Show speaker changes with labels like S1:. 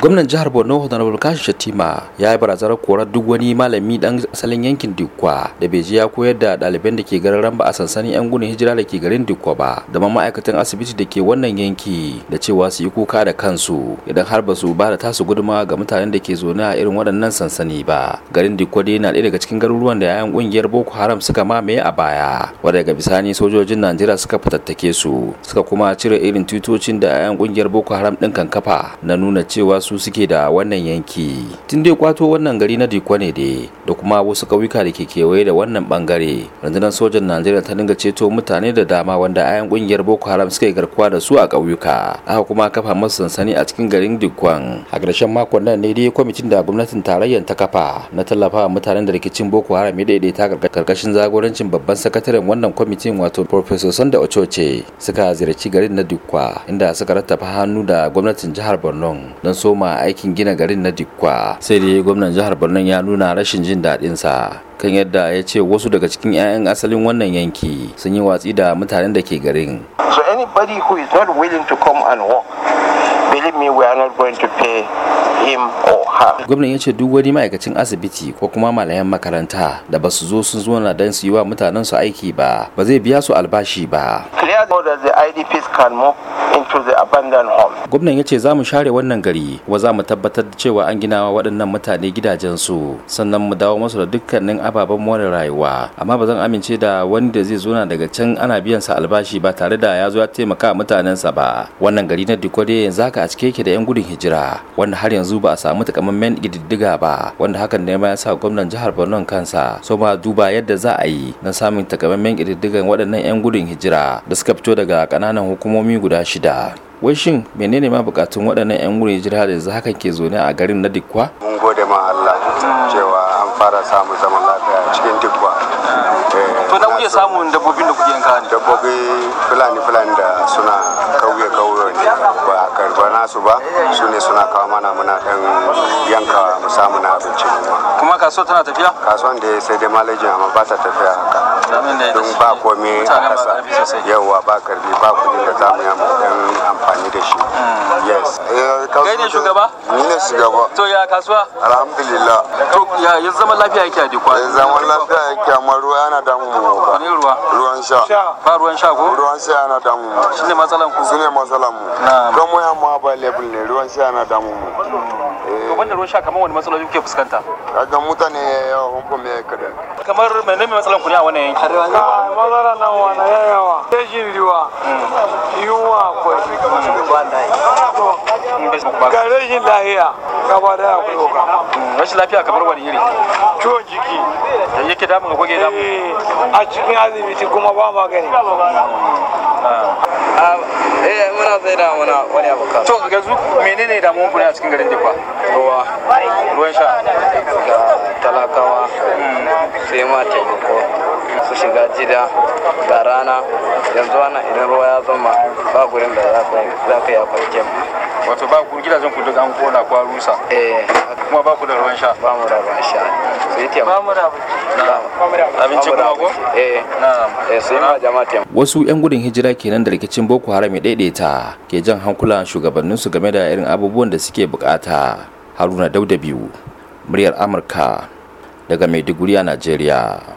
S1: gwamnan jihar borno honorable kashi shatima ya yi barazanar korar duk wani malami dan asalin yankin dikwa da bai je ya koyar da ɗaliban da ke garin ramba a sansanin yan gudun hijira da ke garin dikwa ba da ma ma'aikatan asibiti da ke wannan yanki da cewa su yi kuka da kansu idan har ba su bada da tasu guduma ga mutanen da ke zaune a irin waɗannan sansani ba garin dikwa dai na ɗaya daga cikin garuruwan da yayan ƙungiyar boko haram suka mamaye a baya wanda daga bisani sojojin najeriya suka fatattake su suka kuma cire irin tutocin da yayan ƙungiyar boko haram ɗin kan kafa na nuna cewa cewa su suke da wannan yanki tun dai kwato wannan gari na dikwa ne da kuma wasu ƙauyuka da ke kewaye da wannan bangare rundunar sojan najeriya ta dinga ceto mutane da dama wanda ayan ƙungiyar boko haram suka yi garkuwa da su a ƙauyuka aka kuma kafa masu sansani a cikin garin dikwan a ƙarshen makon nan ne dai kwamitin da gwamnatin tarayyar ta kafa na tallafawa mutanen da rikicin boko haram ya daidaita karkashin zagorancin babban sakataren wannan kwamitin wato professor sanda ochoce suka ziyarci garin na dikwa inda suka rattafa hannu da gwamnatin jihar borno don su soma aikin gina garin na dikwa sai dai gwamnan jihar borno ya nuna rashin jin sa kan yadda ya ce wasu daga cikin 'ya'yan asalin wannan yanki sun yi watsi da mutanen da ke garin so anybody who is not willing to come and work believe me we are not going to pay him or her. Gwamnan ya ce duk wani ma'aikacin asibiti ko kuma malayan makaranta da ba su zo sun zo na don su yi wa mutanen su aiki ba ba zai biya su albashi ba. Clear that the IDPs can move into the abandoned home. Gwamnan ya ce za mu share wannan gari wa za mu tabbatar da cewa an gina wa waɗannan mutane gidajensu sannan mu dawo masu da dukkanin ababen more rayuwa amma ba zan amince da wani da zai zona daga can ana biyan sa albashi ba tare da ya zo ya taimaka mutanensa ba wannan gari na Dikode yanzu haka a cike yake da 'yan gudun hijira wanda har yanzu ba a samu takamaiman ƙididdiga ba wanda hakan ne ma ya sa gwamnan jihar Borno kansa so ma duba yadda za a yi na samun takamaiman ƙididdigan waɗannan 'yan gudun hijira da suka fito daga ƙananan hukumomi guda shida. wai shin menene ma bukatun waɗannan 'yan gudun hijira da yanzu hakan ke zaune a garin na dikwa
S2: mun gode ma Allah cewa an fara samu zaman lafiya cikin dikwa to na kuke samun dabbobin da kuke yanka ne dabbobi fulani fulani da suna nasu ba su ne suna kawo mana muna dan yanka mu samu na abinci kuma kasuwa tana tafiya kasuwan da sai dai malajin amma ba ta tafiya haka don ba komi a kasa yawa ba karfi ba kudin da za mu yi amfani da shi yes kai ne shugaba ni ne shugaba to ya kasuwa alhamdulillah to ya ya zama lafiya yake a dikwa ya zama lafiya yake amma ruwa yana damu mu ba ne ruwa ruwan sha ba ruwan sha ko ruwan sha yana damu mu shine matsalan ku shine matsalan mu don mu yamma ba level ne ruwan sha yana damu mu to banda ruwan sha kamar wani matsaloli kuke fuskanta kaga mutane ya hunkume kada
S1: kamar menene matsalan ku ne a wannan madara
S2: nan wani yayawa
S1: yajin riwa yunwa akwai ga rashin lahiya gaba da ya kuyo ka hmm, rashin lafiya kamar wani iri ciwon jiki da yake damun ga goge damun eh, a cikin azibiti kuma ba magani ah, eh muna sai da muna wani abu ka to yanzu menene damuwar ku ne a cikin garin Dikwa ruwa ruwan sha talakawa hmm,
S2: sai ma taimako su shiga jida ga rana yanzu ana idan ruwa
S1: ya zama ba gurin da za ka yi kwanke kwanke wato ba gurin gidajen ku duk an kona kwa rusa eh kuma ba ku da ruwan sha ba mu da ruwan sha sai tema ba mu da abinci kuma ko eh na eh sai ma jama'a tema wasu yan gudun hijira kenan da rikicin boko haram ya daidaita ke jan hankulan su game da irin abubuwan da suke bukata haruna dauda biyu muryar amurka daga maiduguri a nigeria